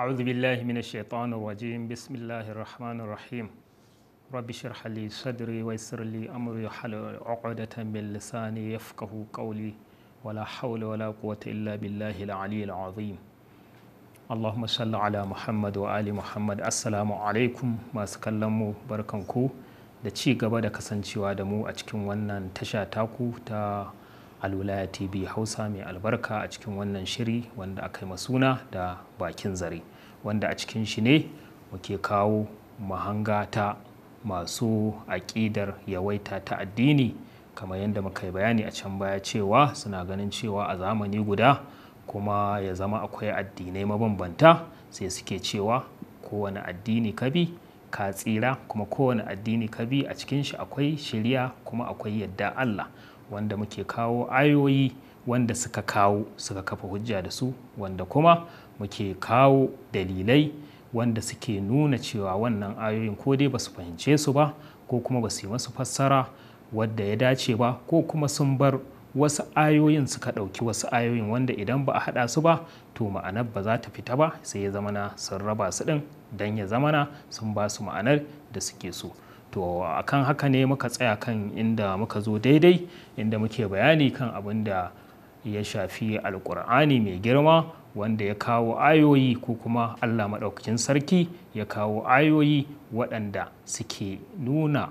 أعوذ بالله من الشيطان الرجيم بسم الله الرحمن الرحيم رب اشرح لي صدري ويسر لي أمري حل عقدة من لساني يفقه قولي ولا حول ولا قوة إلا بالله العلي العظيم اللهم صل على محمد وآل محمد السلام عليكم ما سكلموا بركنكو da ci gaba da kasancewa da mu a cikin wannan tasha taku ta alwilaya tv hausa mai albarka a cikin wannan shiri wanda aka yi masuna da bakin zare wanda a cikin shi ne muke kawo mahanga ta masu aƙidar yawaita ta addini kamar yadda muka yi bayani a can baya cewa suna ganin cewa a zamani guda kuma ya zama akwai addinai mabambanta sai suke cewa kowane addini ka bi ka tsira kuma kowane addini ka bi a cikin shi akwai shirya kuma akwai yadda Allah wanda muke kawo ayoyi wanda suka kawo suka kafa hujja da su wanda kuma muke kawo dalilai wanda suke nuna cewa wannan ayoyin ko dai ba su fahimce su ba ko kuma ba su yi masu fassara wadda ya dace ba ko kuma sun bar wasu ayoyin suka ɗauki wasu ayoyin wanda idan ba a haɗa su ba to ma'anar ba za ta fita ba sai ya zamana sun raba su ɗin don ya zamana sun ba su ma'anar da suke so to akan haka ne muka tsaya kan inda muka zo daidai inda muke bayani kan abin da ya shafi alkur'ani mai girma wanda ya kawo ayoyi ko kuma Allah maɗaukacin sarki ya kawo ayoyi waɗanda suke nuna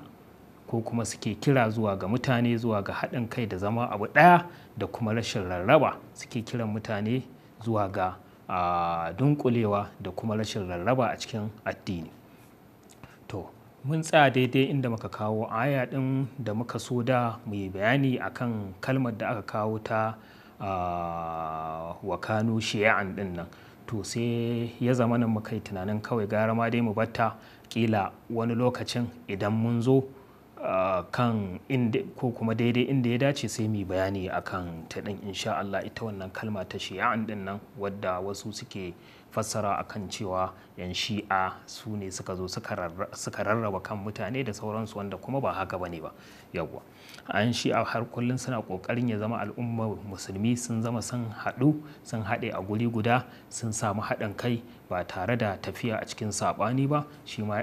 ko kuma suke kira zuwa ga mutane zuwa ga haɗin kai da zama abu ɗaya da kuma rashin rarraba suke kiran mutane zuwa ga dunkulewa da kuma rashin rarraba a cikin addini to mun tsaya daidai inda muka kawo aya ɗin da muka so da mu yi bayani akan kalmar da aka kawo ta Ah, wa kano shi'an din nan to sai ya zama nan muka yi tunanin kawai gara ma dai mu batta kila wani lokacin idan mun zo ah, kan inda ko kuma daidai inda ya dace sai mu bayani akan ta din insha Allah ita wannan kalma ta shi'an din nan wadda wasu suke fassara akan cewa yan shi'a su ne suka zo suka rarraba kan mutane da sauransu wanda kuma ba haka bane ba yawwa an shi'a har kullum suna kokarin ya zama al'ummar musulmi sun zama sun haɗu sun haɗe a guri guda sun samu haɗin kai ba tare da tafiya a cikin saɓani ba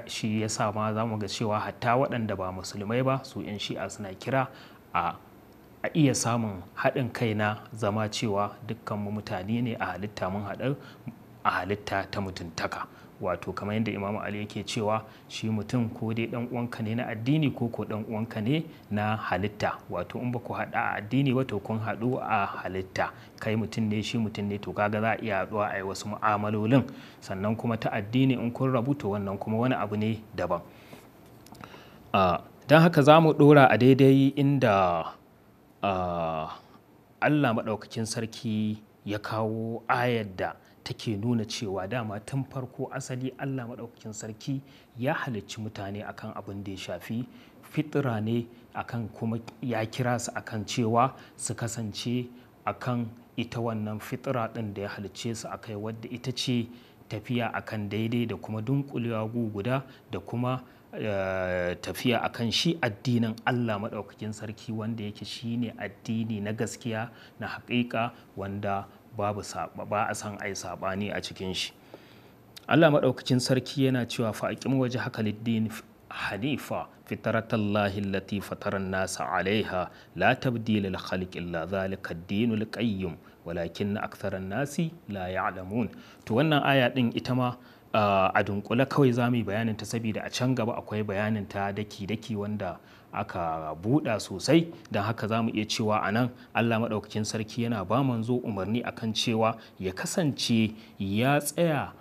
shi ya sa ma za mu ga cewa hatta waɗanda ba musulmai ba su yan shi'a suna kira a a iya samun haɗin kai na zama cewa dukkanmu mutane ne a halitta mun haɗar a halitta ta mutuntaka wato kamar yadda imamu ali yake cewa shi mutum ko dai dan uwanka ne na addini ko ko dan uwanka ne na halitta wato in ba ku haɗa a addini ba to kun haɗu a halitta kai mutum ne shi mutum ne to kaga za a iya haɗuwa a yi wasu mu'amalolin sannan kuma ta addini in kun rabu to wannan kuma wani abu ne daban don haka za mu ɗora a daidai inda allah maɗaukakin sarki ya kawo ayar da take nuna cewa dama tun farko asali Allah maɗaukakin sarki ya halicci mutane akan abin da ya shafi fitira ne akan kuma ya kira su akan cewa su kasance akan ita wannan fitira ɗin da ya halicce su akai wadda ita ce tafiya akan daidai da kuma dunkulewa guguda da kuma eh, tafiya akan shi addinin Allah maɗaukakin sarki wanda yake shine addini na gaskiya na haƙiƙa wanda babu ba a san ai saɓani a cikin shi Allah maɗaukacin sarki yana cewa fa'aƙin waje haka hanifa fitratallahi allati fataran nasa alaiha la tabdila lil khalq illa zalika ad-dinul qayyim walakin aktharan nasi la ya'lamun to wannan aya din ita ma ah, a dunkule kawai zamu yi bayanin ta saboda a can gaba akwai bayanin ta daki daki wanda aka buɗa sosai don haka za mu iya cewa a nan allah maɗaukakin sarki yana ba manzo umarni akan cewa ya kasance ya tsaya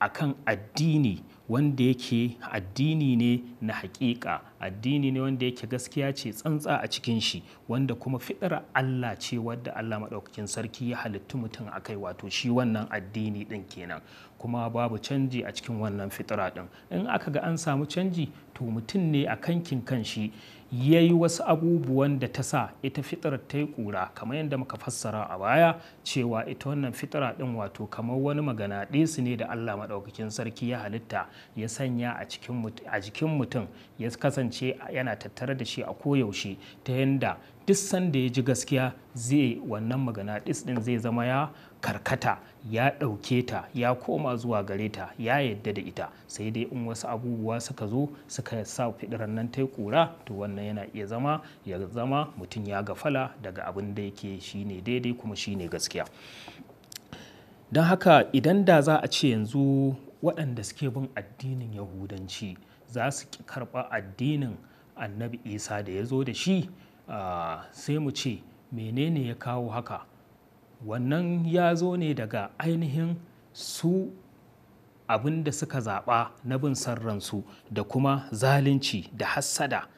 akan addini wanda yake addini ne na haƙiƙa. addini ne wanda yake gaskiya ce tsantsa a cikin shi wanda kuma fiɗar Allah ce wadda Allah maɗaukakin sarki ya halittu mutum a kai wato shi wannan addini ɗin kenan kuma babu canji a cikin wannan fitira ɗin in aka ga an samu canji to mutum ne a kankin kanshi ya yi wasu abubuwan da ta sa ita fitirar ta yi ƙura kamar yadda muka fassara a baya cewa ita wannan fitira ɗin wato kamar wani magana su ne da allah maɗaukakin sarki ya halitta ya sanya a jikin mutum ya kasance yana tattare da shi a koyaushe ta yadda duk sanda ya ji gaskiya zai wannan magana ɗis ɗin zai zama ya karkata ya ɗauke ta ya koma zuwa gare ta ya yadda da ita sai dai in wasu abubuwa suka zo suka sa fidiran nan ta yi kura to wannan yana iya zama ya zama mutum ya gafala daga abin da yake shine daidai kuma shine gaskiya don haka idan da za a ce yanzu waɗanda suke bin addinin yahudanci za su karɓa addinin annabi isa da ya zo da shi Ah, sai mu ce menene ya kawo haka wannan ya zo ne daga ainihin su abin da suka zaɓa na bin san ransu da kuma zalunci da hassada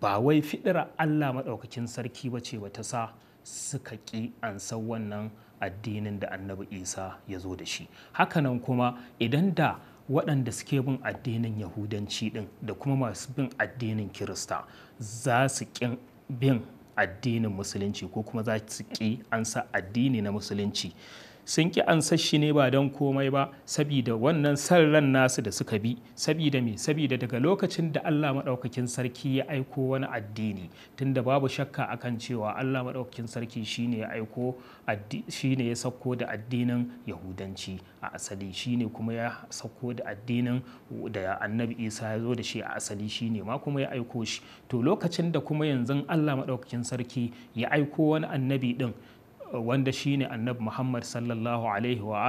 ba wai fidira Allah maɗaukakin sarki ba ce ta sa suka ƙi ansa wannan addinin da annabi isa ya zo da shi hakanan kuma idan da waɗanda suke bin addinin yahudanci ɗin da kuma masu bin addinin kirista za su ƙin bin addinin musulunci ko kuma za su ƙi an sa addini na musulunci sun ki an shi ne ba don komai ba sabida wannan san ran nasu da suka bi sabida me sabida daga lokacin da Allah maɗaukakin sarki ya aiko wani addini tunda babu shakka akan cewa Allah maɗaukakin sarki shine ya aiko shine ya sauko da addinin yahudanci a asali shine kuma ya sauko da addinin da annabi isa ya zo da shi a asali shine ma kuma ya aiko shi to lokacin da kuma yanzu Allah maɗaukakin sarki ya aiko wani annabi din wanda shine annabi muhammad sallallahu alaihi wa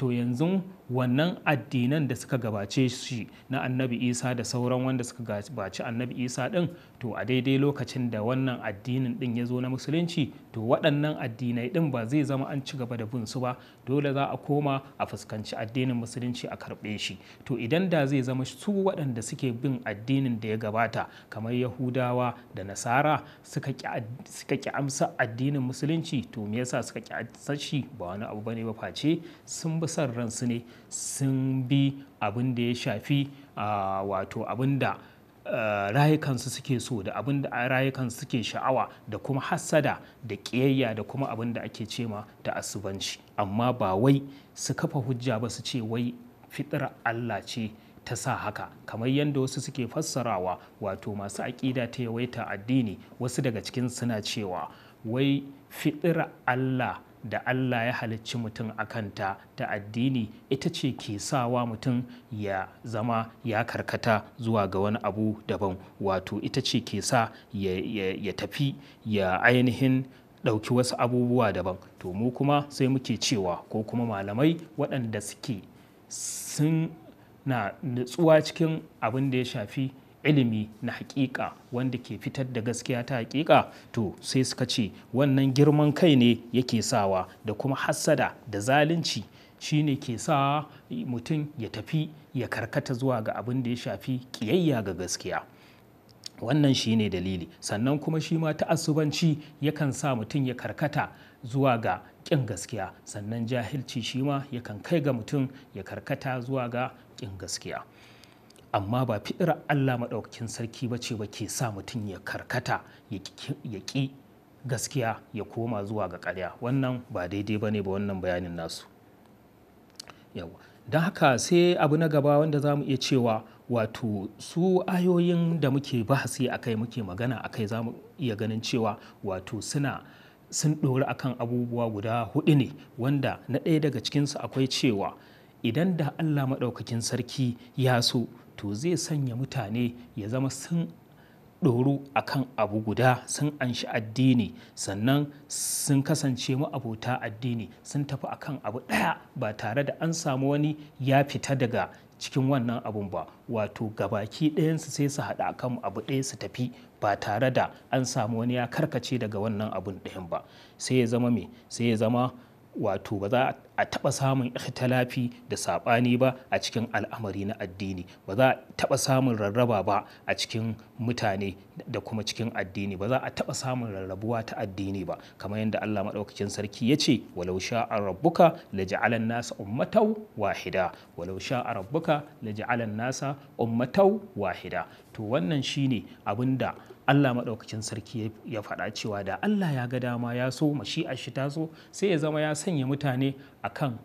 to yanzu wannan addinan da suka gabace shi na annabi isa da sauran wanda suka gabaci annabi isa din to a daidai lokacin da wannan addinin din ya zo na musulunci to waɗannan addinai din ba zai zama an ci gaba da bin su ba dole za a koma a fuskanci addinin musulunci a karɓe shi to idan da zai zama su waɗanda suke bin addinin da ya gabata kamar yahudawa da nasara suka ƙi amsa addinin musulunci to me yasa suka ƙi amsa shi ba wani abu bane ba face sun bi son ransu ne sun bi abin da ya shafi wato abin da rayukansu suke so da abin da rayukansu suke sha'awa da kuma hassada da ƙiyayya da kuma abin da ake cema da asubanci amma ba wai su kafa hujja ba su ce wai fitar Allah ce ta sa haka kamar yadda wasu suke fassarawa wato masu aƙida ta yawaita addini wasu daga cikin suna cewa wai fitar Allah da Allah ya halicci mutum a kanta ta addini ita ce ke sawa mutum ya zama ya karkata zuwa ga wani abu daban wato ita ce ke sa ya tafi ya ainihin ɗauki wasu abubuwa daban to mu kuma sai muke cewa ko kuma malamai waɗanda suke sun na nutsuwa cikin abin da ya shafi ilimi na hakika wanda ke fitar da gaskiya ta hakika to sai suka ce wannan girman kai ne yake sawa da kuma hassada da zalunci shine ke sa mutum ya tafi ya karkata zuwa ga abin da ya shafi kiyayya ga gaskiya wannan shi ne dalili sannan kuma shi ma ta'assubanci yakan sa mutum ya karkata zuwa ga ƙin gaskiya sannan jahilci shi ma yakan kai ga mutum ya karkata zuwa ga ƙin gaskiya amma ba fi'ira Allah maɗaukakin sarki ba ce ba ke sa mutum ya karkata ya ƙi gaskiya ya koma zuwa ga ƙarya wannan ba daidai ba ne ba wannan bayanin nasu yawa don haka sai abu na gaba wanda za mu iya cewa wato su ayoyin da muke bahasi a kai muke magana a kai za mu iya ganin cewa wato suna sun ɗori akan abubuwa guda hudu ne wanda na ɗaya daga cikinsu akwai cewa idan da Allah maɗaukakin sarki ya so to zai sanya mutane ya zama sun ɗoru a kan abu guda sun anshi addini sannan sun kasance abota addini sun tafi a kan abu ɗaya ba tare da an samu wani ya fita daga cikin wannan abun ba wato gabaki ɗayansu sai su haɗa kan abu ɗaya su tafi ba tare da an samu wani ya karkace daga wannan abun ɗayan ba sai ya zama me sai ya zama wato ba za a taɓa samun ikhtilafi da saɓani ba a cikin al'amari na addini ba za a taɓa samun rarraba ba a cikin mutane da kuma cikin addini ba za a taɓa samun rarrabuwa ta addini ba kamar yadda Allah maɗaukakin sarki ya ce walau sha'a rabbuka la ja'alan nasa ummatau wahida walau a rabbuka la ja'alan nasa ummatau wahida to wannan shine abin da Allah maɗaukacin sarki ya faɗa cewa da Allah ya ga dama ya so mashi'ar shi ta so sai ya zama ya sanya mutane akan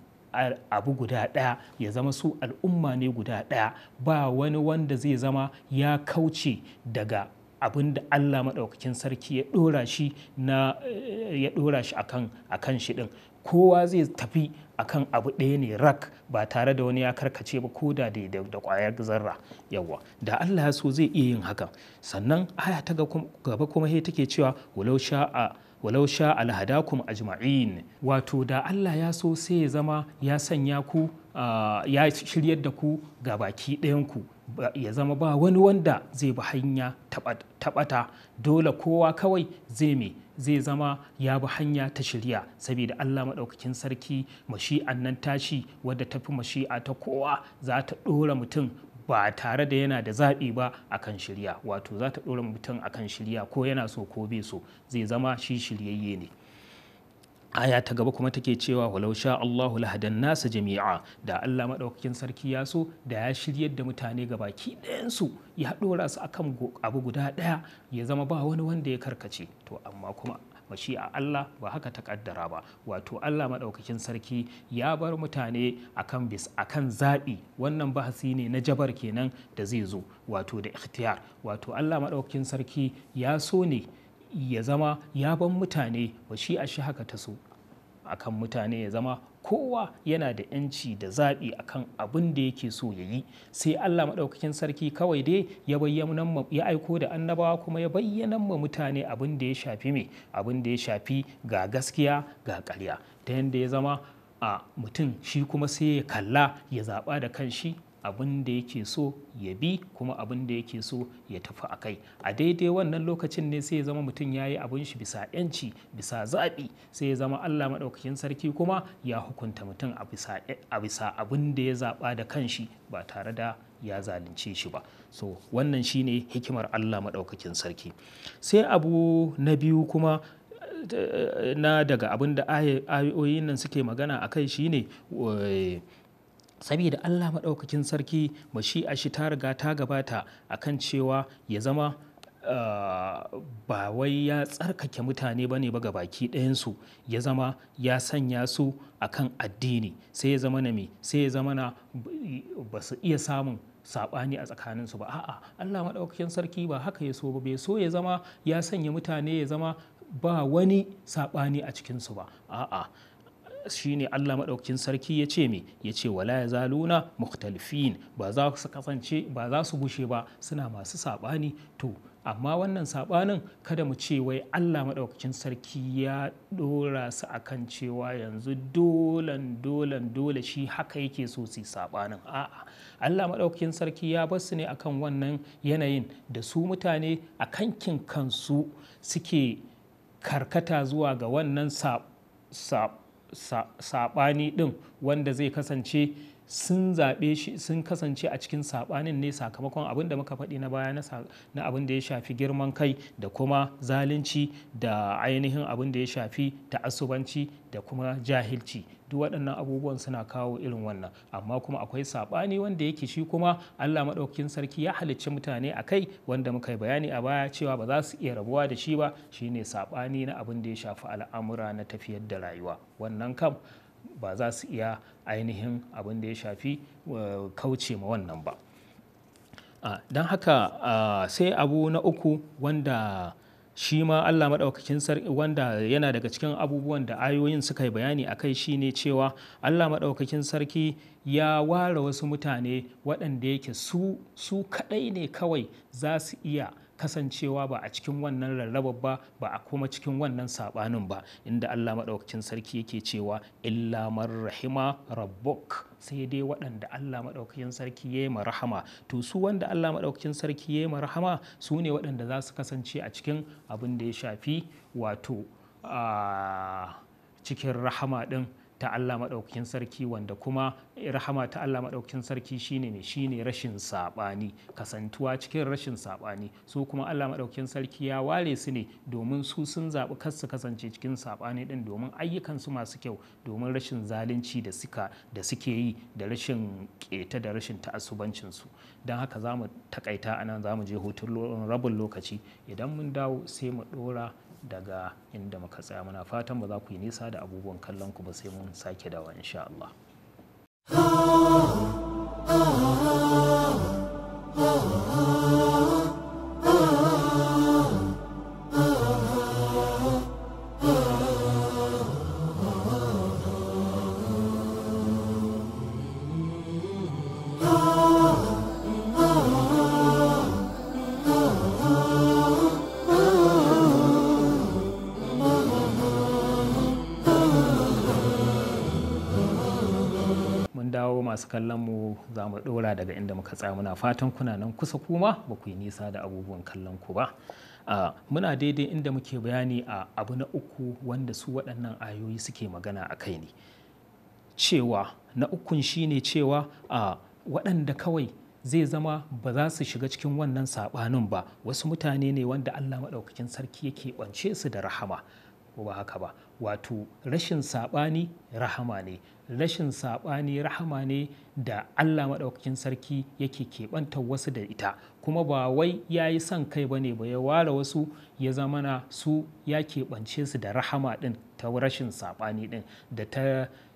abu guda ɗaya ya zama su al'umma ne guda ɗaya ba wani wanda zai zama ya kauce daga abin da Allah maɗaukacin sarki ya ɗora shi eh, ya akan shi ɗin kowa zai tafi akan abu ɗaya ne rak ba tare da wani ya karkace ba ko da da kwayar zarra yawa da Allah ya so zai iya yin hakan sannan aya ta gaba kuma he take cewa walau sha'a walau sha alhadakum ajma'in wato da Allah ya so sai ya zama ya sanya ku ya shiryar da ku ga baki ɗayanku ya zama ba wani wanda zai bi hanya tabata dole kowa kawai zai mai zai zama ya bi hanya ta shirya saboda Allah maɗaukakin sarki mashi'an nan tashi wadda tafi mashi'a ta kowa za ta ɗora mutum ba tare da yana da zaɓi ba a kan shirya wato za ta ɗora mutum a kan shirya ko yana so ko bai so zai zama shi shiryayye ne. aya ta gaba kuma take cewa walau sha Allahu lahadan nasa jami'a da Allah madaukakin sarki ya so da ya shiryar da mutane ga baki ɗayansu ya dora su akan abu guda ɗaya ya zama ba wani wanda ya karkace to amma kuma a Allah ba haka ta kaddara ba wato Allah maɗaukakin sarki ya bar mutane akan bis akan zaɓi wannan bahasi ne na jabar kenan da zai zo wato da ikhtiyar wato Allah maɗaukakin sarki ya so ne ya zama ya ban mutane ba shi a shi haka ta so A kan mutane ya zama kowa yana da yanci da zaɓi a kan abin da yake so ya yi sai Allah maɗaukakin sarki kawai dai ya ya aiko da annabawa kuma ya bayyana ma mutane abin da ya shafi me abin da ya shafi ga gaskiya ga karya ta yadda ya zama a mutum shi kuma sai ya kalla ya zaɓa da kan shi abin da yake so ya bi kuma abin da yake so ya tafi a kai a daidai wannan lokacin ne sai ya zama mutum ya yi abin shi bisa yanci bisa zaɓi sai ya zama allah maɗaukakin sarki kuma ya hukunta mutum a bisa abin da ya zaɓa da kanshi ba tare da ya zalunce shi ba so wannan shine hikimar allah maɗaukakin sarki sai abu na biyu kuma eh, na daga abin da ayoyin nan suke magana a kai shine eh, saboda Allah maɗaukakin sarki ba shi a shi ta riga ta gabata akan cewa ya zama ah, ba wai ya tsarkake mutane ba ne ba baki ɗayansu ya zama ya sanya su akan addini sai ya zama na me sai ya zama na ba su iya samun saɓani a tsakaninsu ba a'a Allah maɗaukakin sarki ba haka ya so ba bai so ya zama ya sanya mutane ya zama ba wani saɓani a cikin su ba a'a shine Allah maɗaukakin sarki ya ce me ya ce wala ya zaluna mukhtalifin ba za su kasance ba za su bushe ba suna masu saɓani to amma wannan saɓanin kada mu ce wai Allah maɗaukakin sarki ya ɗora su akan cewa yanzu dolan dolan dole shi haka yake so su saɓanin a'a Allah maɗaukakin sarki ya bar su ne akan wannan yanayin da su mutane a kankin kansu suke karkata zuwa ga wannan saɓ saɓani ɗin wanda zai kasance sun zaɓe shi sun kasance a cikin saɓanin ne sakamakon abin da muka faɗi na baya na abin da ya shafi girman kai da kuma zalunci da ainihin abin da ya shafi ta'assubanci da kuma jahilci duk waɗannan abubuwan suna kawo irin wannan amma kuma akwai saɓani wanda yake shi kuma Allah maɗaukakin sarki ya halicci mutane a kai wanda muka yi bayani a baya cewa ba za su iya rabuwa da shi ba shine saɓani na abin da ya shafi al'amura na tafiyar da rayuwa wannan kam ba za su iya ainihin abin da ya shafi eh, kauce ma wannan ba ah, don haka ah, sai abu na uku wanda shi ma Allah maɗaukakin sarki wanda yana daga cikin abubuwan da ayoyin suka yi bayani a kai shi ne cewa Allah maɗaukakin sarki ya ware wasu mutane waɗanda yake su su kaɗai ne kawai za su iya kasancewa ba a cikin wannan rarrabar ba ba a kuma cikin wannan saɓanin ba inda Allah maɗaukacin sarki yake cewa illa marrahima rahima rabbuk sai dai waɗanda Allah maɗaukacin sarki ya yi rahama to su wanda Allah maɗaukacin sarki ya yi rahama su ne waɗanda za su kasance a cikin abin da ya shafi wato a ah, cikin rahama ɗin ta Allah maɗaukin sarki wanda kuma rahama ta Allah maɗaukin sarki shine ne shine rashin saɓani kasantuwa cikin rashin saɓani su kuma Allah maɗaukin sarki ya ware su ne domin su sun zaɓi kar su kasance cikin saɓani ɗin domin ayyukansu masu kyau domin rashin zalunci da suka da suke yi da rashin ƙeta da rashin ta'assubancin su don haka za mu takaita anan za mu je hutun rabin lokaci idan mun dawo sai mu ɗora daga inda muka tsaya muna fatan ba za ku yi nisa da abubuwan kallon ku ba sai mun sake dawa insha Allah masu kallon mu za mu ɗora daga inda muka tsaya muna fatan kuna nan kusa kuma ba ku yi nisa da abubuwan kallon ku ba muna daidai inda muke bayani a abu na uku wanda su waɗannan ayoyi suke magana a kai ne cewa na ukun shine cewa a waɗanda kawai zai zama ba za su shiga cikin wannan saɓanin ba wasu mutane ne wanda allah maɗaukakin sarki yake ɓance su da rahama ko ba haka ba wato rashin saɓani rahama ne rashin saɓani rahama ne da allah maɗaukakin sarki yake keɓanta wasu da ita kuma ba wai ya yi son kai ba ne ba ya ware wasu ya zamana su ya keɓance su da rahama ɗin ta rashin saɓani ɗin da ta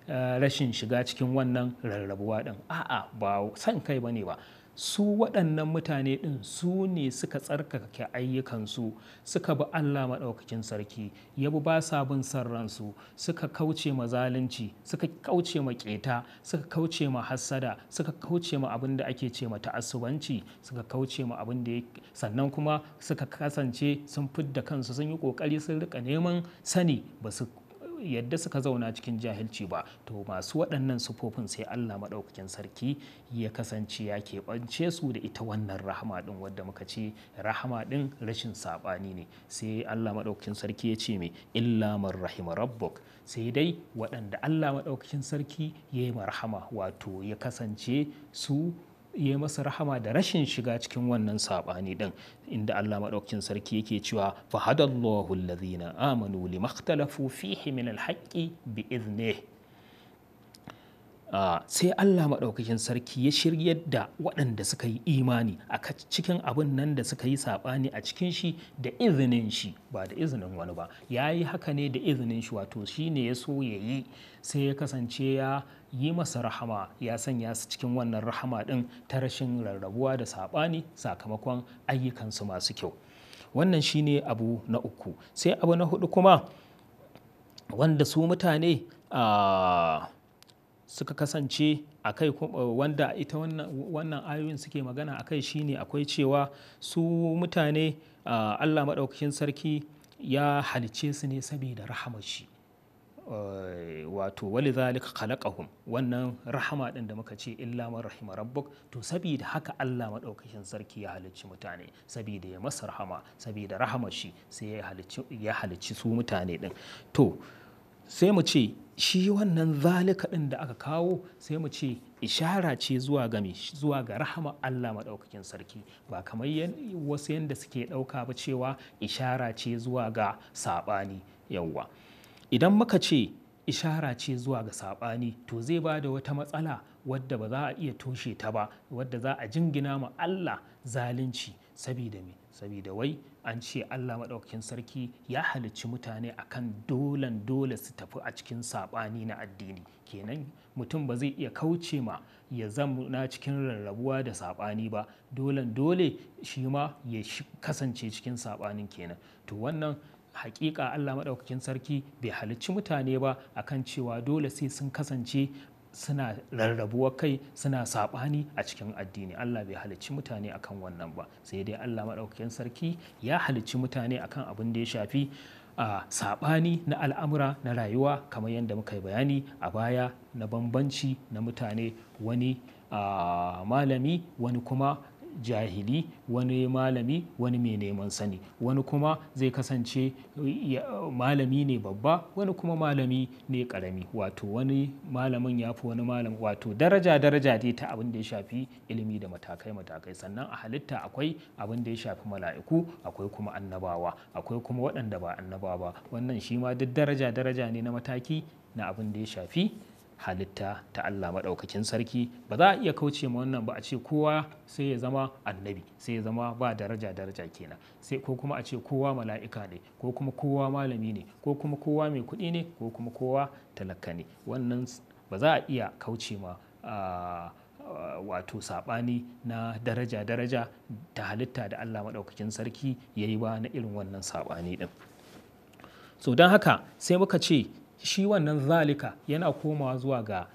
eh, rashin shiga cikin wannan rarrabuwa ɗin a'a ba son kai ba ne ba su waɗannan mutane ɗin su ne suka tsarkake ayyukansu suka bi Allah maɗaukakin sarki ya bi ba sa bin son ransu suka kauce ma zalunci suka kauce ma ƙeta suka kauce ma hassada suka kauce ma abin da ake ce ma ta'assubanci suka kauce ma abin da sannan kuma suka kasance sun fidda kansu sun yi ƙoƙari sun rika neman sani ba su yadda suka zauna cikin jahilci ba to masu waɗannan sufofin sai Allah maɗaukakin sarki ya kasance ya keɓance su da ita wannan rahama ɗin wadda muka ce rahama ɗin rashin saɓani ne sai Allah maɗaukakin sarki ya ce mai illa man rahima rabbuk sai dai waɗanda Allah maɗaukakin sarki ya yi marhama wato ya kasance su ya masa rahama da rashin shiga cikin wannan saɓani ɗin inda Allah maɗaukacin sarki yake cewa fahadallahu alladhina amanu limakhtalafu fihi min haƙƙi, bi idnihi ah, sai Allah maɗaukacin sarki ya shiryar da waɗanda suka yi imani a cikin abin nan da suka yi saɓani a cikin shi da izinin shi ba da izinin wani ba ya yi haka ne da izinin shi wato shi ne ya so ya yi sai ya kasance ya yi masa rahama ya sanya su cikin wannan rahama ɗin ta rashin rarrabuwa da saɓani sakamakon ayyukansu masu kyau wannan shine abu na uku sai abu na hudu kuma wanda su mutane suka kasance akai wanda ita wannan ayoyin suke magana akai shine akwai cewa su mutane allah maɗaukakin sarki ya halice su ne saboda rahamar shi Eh, wato wali zalika khalaqahum wannan rahama din da muka ce illa man rahima rabbuk to saboda haka Allah madaukakin sarki ya halicci mutane saboda ya masa rahama saboda rahama shi sai ya halicci ya halicci su mutane din to sai mu ce shi wannan zalika din da aka kawo sai mu ce ishara ce zuwa ga zuwa ga rahama Allah maɗaukakin sarki ba kamar wasu yanda suke ɗauka ba cewa ishara ce zuwa ga saɓani yawwa idan muka ce ishara ce zuwa ga saɓani to zai ba da wata matsala wadda ba za a iya toshe ta ba wadda za a jingina ma Allah zalunci sabida me sabida wai an ce Allah maɗaukakin sarki ya halicci mutane akan dolan dole su tafi a cikin saɓani na addini kenan mutum ba zai iya kauce ma ya na cikin rarrabuwa da saɓani ba dolan dole shi ma ya kasance cikin saɓanin kenan to wannan hakika Allah maɗaukakin sarki bai halicci mutane ba akan cewa dole sai sun kasance suna rarrabuwa kai suna saɓani a cikin addini Allah bai halicci mutane akan wannan ba sai dai Allah maɗaukakin sarki ya halicci mutane akan abin da ya shafi a saɓani na al'amura na rayuwa kamar yadda muka yi bayani a baya na bambanci na mutane wani malami wani kuma jahili wani malami wani mai neman sani wani kuma zai kasance malami ne babba wani kuma malami ne karami wato wani malamin ya fi wani malam wato daraja daraja dai ta abin da ya shafi ilimi da matakai matakai sannan a halitta akwai abin da ya shafi mala'iku akwai kuma annabawa akwai kuma waɗanda ba annabawa ba wannan shi ma duk daraja daraja ne na mataki na abin da ya shafi halitta ta Allah maɗaukakin sarki ba za a iya kauce ma wannan ba a ce kowa sai ya zama annabi sai ya zama ba daraja daraja kenan sai ko kuma a ce kowa mala'ika ne ko kuma kowa malami ne ko kuma kowa mai kuɗi ne ko kuma kowa talaka ne wannan ba za a iya kauce ma wato saɓani na daraja-daraja ta halitta da Allah maɗaukakin sarki ya yi ba na irin wannan saɓani ɗin. so don haka sai muka ce shi wannan zalika yana komawa zuwa ga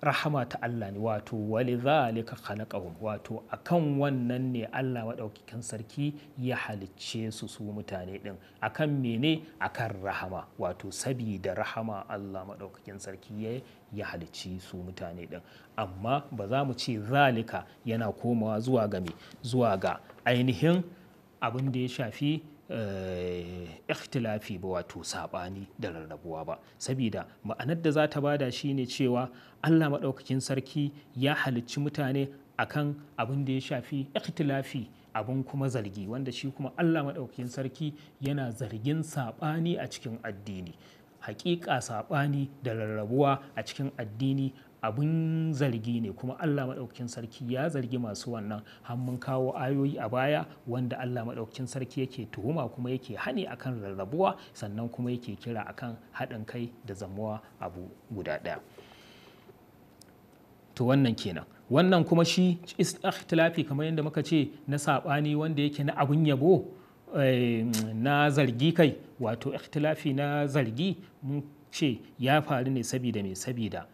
rahama ta Allah ne wato wali zalika khalaqahum wato akan wannan ne Allah maɗaukakin sarki ya halicce su su mutane ɗin. akan mene akan rahama wato sabida rahama Allah maɗaukakin sarki ya ya halicci su mutane ɗin. amma ba za mu ce zalika yana komawa zuwa ga me zuwa ga ainihin abin da ya shafi Eh, ikhtilafi ba wato saɓani da rarrabuwa ba saboda ma'anar da za ta bada shine cewa allah maɗaukakin sarki ya halicci mutane a kan abin da ya shafi ikhtilafi abin kuma zargi wanda shi kuma allah maɗaukakin sarki yana zargin saɓani a cikin addini hakika saɓani da rarrabuwa a cikin addini abin zargi ne kuma Allah maɗaukakin sarki ya zargi masu wannan hannun mun kawo ayoyi a baya wanda Allah maɗaukakin sarki yake tuhuma kuma yake hani akan rarrabuwa sannan kuma yake kira akan haɗin kai da zamuwa abu guda ɗaya to wannan kenan wannan kuma shi ikhtilafi kamar yadda muka ce na saɓani wanda yake na abin yabo eh, na zargi kai wato ikhtilafi na zargi mun ce ya faru ne sabida mai sabida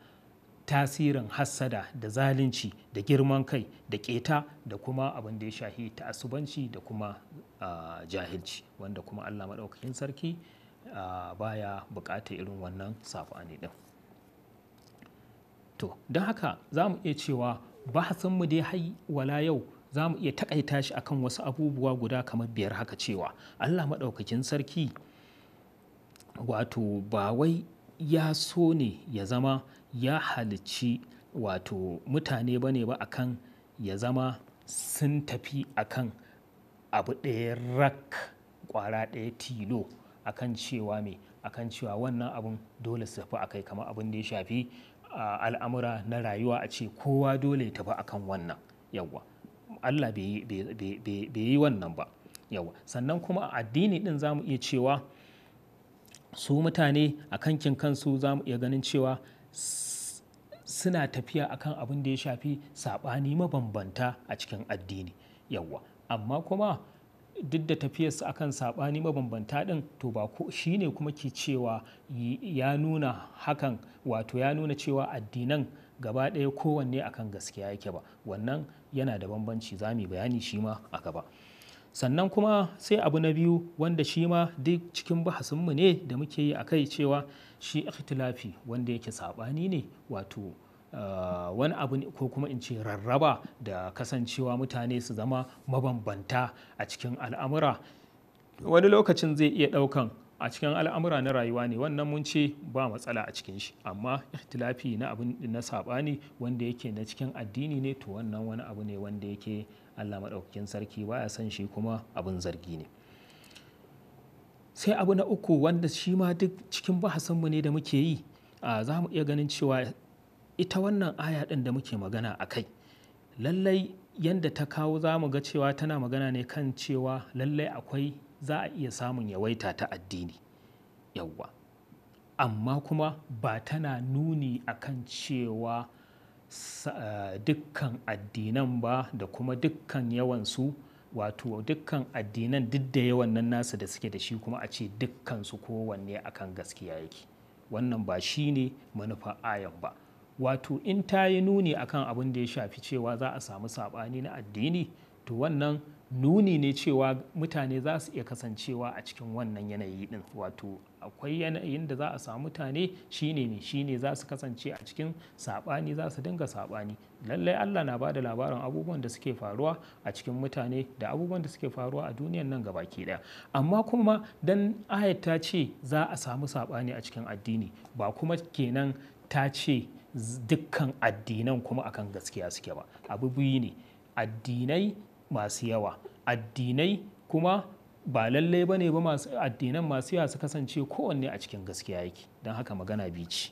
tasirin hassada da zalunci da girman kai da keta da kuma abin da ya shahi asubanci da kuma jahilci wanda kuma allah maɗaukakin sarki baya buƙata irin wannan safa ne ɗin to don haka za mu iya cewa ba mu dai hai wala yau za mu iya takaita shi akan wasu abubuwa guda kamar biyar haka cewa allah maɗaukakin sarki wato ba wai ya so ne ya zama ya halicci wato mutane bane ba akan ya zama sun tafi akan abu ɗaya rak ƙwara ɗaya tilo akan cewa me akan cewa wannan abun dole su tafi a kai kamar abun da ya shafi al'amura na rayuwa a ce kowa dole ya tafi akan wannan yawwa Allah bai yi wannan ba yawwa sannan kuma a addini ɗin za mu iya cewa su mutane a kankin kansu za mu iya ganin cewa suna tafiya akan abin da ya shafi saɓani mabambanta a cikin addini yawwa amma kuma duk da tafiyarsu akan saɓani mabambanta ɗin to ba shi ne kuma ke cewa ya nuna hakan wato ya nuna cewa addinan gaba ɗaya kowanne akan gaskiya yake ba wannan yana da bambanci za mu bayani shi ma a gaba sannan kuma sai abu na biyu wanda shi ma duk cikin bahasinmu ne da muke yi a kai cewa shi ikhtilafi wanda yake sabani ne wato ah, wani abu ko kuma in ce rarraba da kasancewa mutane su zama mabambanta a cikin al'amura wani lokacin zai iya ɗaukan a cikin al'amura na rayuwa ne wannan mun ce ba matsala a cikin shi amma ikhtilafi na abu na saɓani wanda yake na cikin addini ne to wannan wani abu ne wanda yake Allah maɗaukakin sarki baya son shi kuma abin zargi ne. sai abu na uku wanda shi ma duk cikin bahasanmu ne da muke yi za mu iya ganin cewa ita wannan aya ɗin da muke magana a kai lallai yadda ta kawo za mu ga cewa tana magana ne kan cewa lallai akwai za a iya samun yawaita ta addini yawwa amma kuma ba tana nuni a kan cewa dukkan addinan ba da kuma dukkan yawansu wato dukkan addinan duk da yawan nan nasu da suke da shi kuma a ce dukkan su kowanne akan gaskiya yake wannan ba shi ne manufa ayan ba wato in ta yi nuni akan abin da ya shafi cewa za a samu saɓani na addini to wannan nuni ne cewa mutane za su iya kasancewa a cikin wannan yanayi din wato akwai yanayin da za a samu mutane shine ne shine za su kasance a cikin saɓani za su dinga saɓani lallai allah na ba da labarin abubuwan da suke faruwa a cikin mutane da abubuwan da suke faruwa a duniyan nan gaba gabaki daya amma kuma dan ayat ta ce za a samu saɓani a cikin addini ba kuma kenan ta ce dukkan addinan kuma akan gaskiya suke ba abu biyu ne addinai masu yawa addinai kuma ba lallai ba ne ba masu addinan masu yawa su kasance kowanne a cikin gaskiya yake don haka magana biyu ce.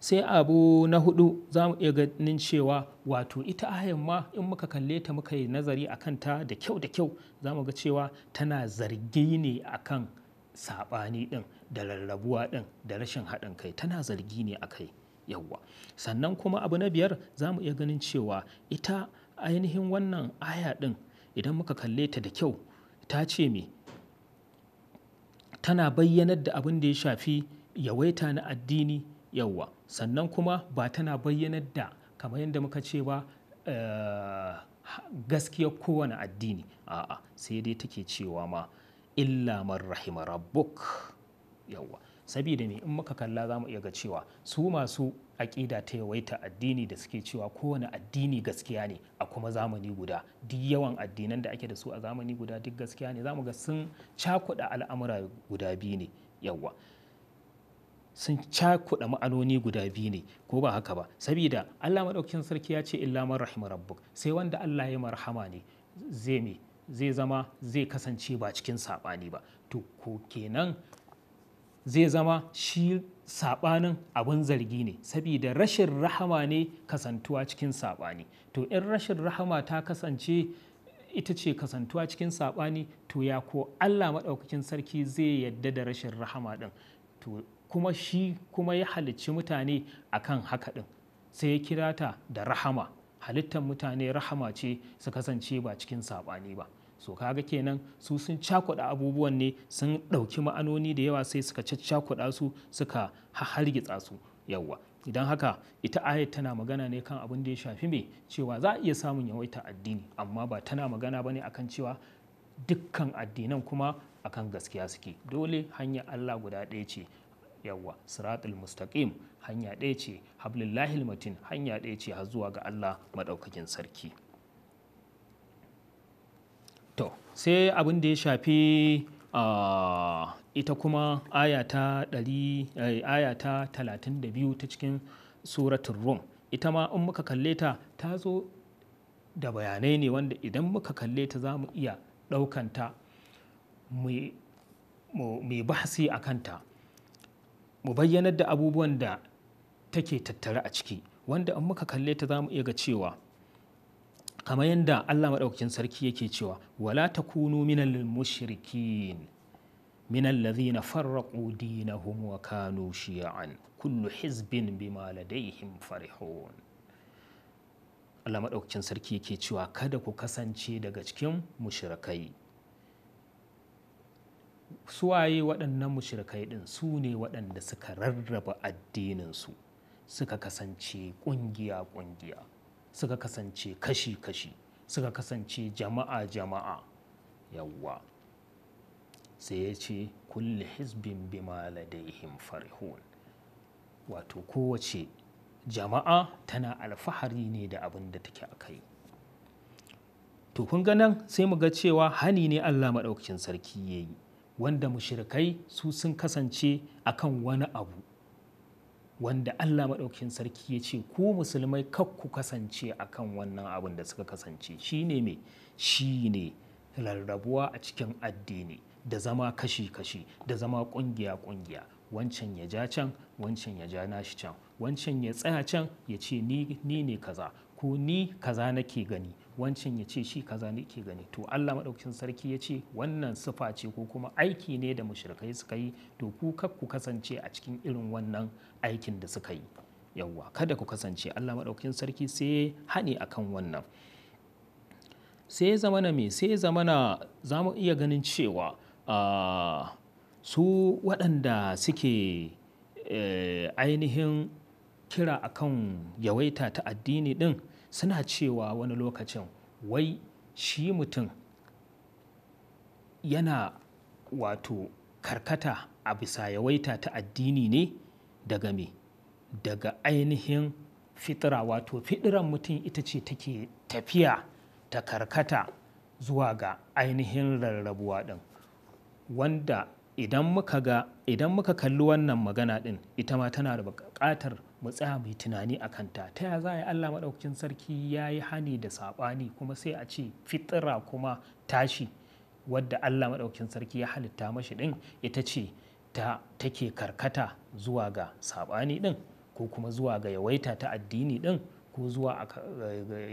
sai abu na hudu za mu iya ganin cewa wato ita ayan ma in muka kalle ta muka yi nazari a kanta da kyau da kyau za mu ga cewa tana zargi ne akan saɓani ɗin da rarrabuwa ɗin da rashin haɗin kai tana zargi ne a kai yawwa sannan kuma abu na biyar za mu iya ganin cewa ita ainihin wannan aya ɗin idan muka kalle ta da kyau ta ce me tana bayyanar da abin da ya shafi yawaita na addini yawa sannan kuma ba tana bayyanar da kamar yadda muka ce ba eh, gaskiyar kowane addini a'a sai dai take cewa ma illa man rahima rabbuk yawa sabida me in muka kalla za mu iya ga cewa su masu aƙida ta yawaita addini da suke cewa kowane addini gaskiya ne a kuma zamani guda duk yawan addinan da ake da su a zamani guda duk gaskiya ne zamu ga sun cakuɗa al'amura guda biyu ne yawa sun cakuɗa ma'anoni guda biyu ne ko ba haka ba saboda Allah maɗaukin sarki ya ce illa man rahima rabbuk sai wanda Allah ya marhama ne zai me zai zama zai kasance ba cikin saɓani ba to ko kenan zai zama shi saɓanin abin zargi ne saboda rashin rahama ne kasantuwa cikin saɓani to in rashin rahama ta kasance ita ce kasantuwa cikin saɓani to ya ko allah maɗaukakin sarki zai yadda da rashin rahama ɗin to kuma shi kuma ya halicci mutane akan haka ɗin sai ya kira ta da rahama halittar mutane rahama ce su kasance ba cikin saɓani ba so kaga kenan su sun cakuɗa abubuwan ne sun ɗauki ma'anoni da yawa sai suka caccakuɗa su suka hargitsa su yawa idan haka ita ayat tana magana ne kan abin da ya shafi mai cewa za a iya samun yawaita addini amma ba tana magana ba ne akan cewa dukkan addinan kuma akan gaskiya suke dole hanya allah guda ɗaya ce yawwa siratul mustaqim hanya ɗaya ce hablillahi matin hanya ɗaya ce har zuwa ga allah maɗaukakin sarki sai abin da ya shafi ah, ita kuma aya ta 32 eh, ta cikin suratun rum ita ma in muka kalle ta ta zo da bayanai ne wanda idan muka kalle ta za mu iya ɗaukanta mai bahasi a kanta mu bayyanar da abubuwan da take tattare a ciki wanda in muka kalle ta za mu iya ga cewa kamar yadda Allah maɗaukakin sarki yake cewa wala ta takunu minal mushrikin minal ladhina farraqu dinahum wa kanu shi'an kullu hizbin bima ladaihim farihun Allah maɗaukakin sarki yake cewa kada ku kasance daga cikin mushrikai suwaye waɗannan mushrikai ɗin su ne waɗanda suka rarraba addininsu suka kasance ƙungiya-ƙungiya suka kasance kashi-kashi suka kasance jama'a-jama'a yawwa sai ya ce kulle hizbin bima ladaihim farihun wato kowace jama'a tana alfahari ne da abin da take a kai to kun sai mu ga cewa hani ne Allah maɗaukacin sarki ya yi wanda mushrikai su sun kasance akan wani abu wanda Allah maɗaukin sarki ya ce ku musulmai ku kasance akan wannan abin da suka kasance shi ne me shi ne rarrabuwa a cikin addini da zama kashi-kashi da zama ƙungiya-ƙungiya wancan ya ja can wancan ya ja nashi can wancan ya tsaya can ya ce ni ne kaza ko ni kaza nake gani wancan ya ce shi kaza ne ke gani to Allah maɗaukakin sarki ya ce wannan sifa ce ko kuma aiki ne da mushrikai suka yi to ku kak ku kasance a cikin irin wannan aikin da suka yi yawwa kada ku kasance Allah maɗaukakin sarki sai hani akan wannan sai zamana me sai zamana za mu iya ganin cewa ah, su waɗanda suke eh, ainihin kira akan yawaita ta addini din. suna cewa wani lokacin wai shi mutum yana wato karkata a bisa yawaita ta addini ne daga me daga ainihin fitira wato fitiran mutum ita ce take tafiya ta karkata zuwa ga ainihin rarrabuwa ɗin wanda idan muka kalli wannan magana ɗin ita ma tana da buƙatar mu tsaya mai tunani a kanta ta ya za a yi Allah maɗaukacin sarki ya yi hani da saɓani kuma sai a ce fitira kuma tashi wadda Allah maɗaukacin sarki ya halitta mashi ɗin ita ce ta take karkata zuwa ga saɓani ɗin ko kuma zuwa ga yawaita ta addini ɗin ko zuwa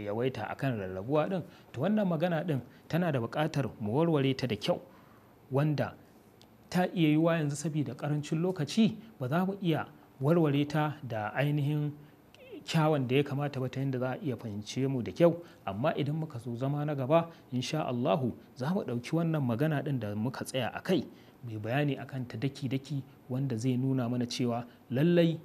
yawaita akan rarrabuwa ɗin ta wannan magana ɗin tana da buƙatar mu warware ta da kyau wanda ta iya wa yanzu saboda ƙarancin lokaci ba za mu iya warware ta da ainihin kyawun da ya kamata ba ta yadda za a iya fahimce mu da kyau amma idan muka zo zama na gaba insha Allahu za mu ɗauki wannan magana ɗin da muka tsaya a kai mai bayani akan ta daki-daki wanda zai nuna mana cewa lallai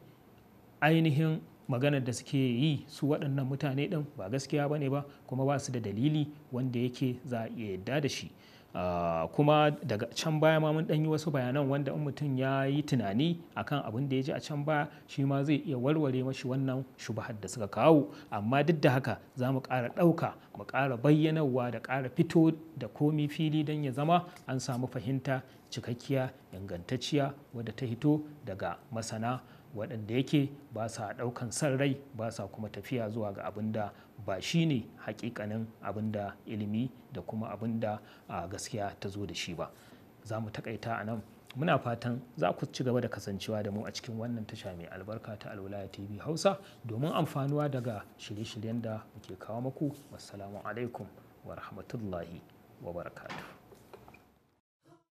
ainihin maganar da suke yi su waɗannan mutane ɗin ba gaskiya ba ne ba kuma ba su da dalili wanda yake za a iya yadda da shi. Ah, kuma daga can baya ma mun ɗan yi wasu bayanan wanda in mutum ya yi tunani akan abin da ya ji a can baya shi ma zai iya warware mashi wannan shubahar da suka kawo amma duk da haka za mu ƙara ɗauka mu ƙara bayyanarwa da ƙara fito da komi fili don ya zama an samu fahimta cikakkiya ingantacciya wadda ta hito daga masana waɗanda yake ba sa ɗaukan san rai ba sa kuma tafiya zuwa ga abin da ba shi ne hakikanin abin da ilimi da kuma abin da gaskiya ta zo da shi ba za mu takaita a nan muna fatan za ku ci gaba da kasancewa da mu a cikin wannan tasha mai albarka ta alwala tv hausa domin amfanuwa daga shirye-shiryen da muke kawo maku wassalamu alaikum wa rahmatullahi wa barakatuh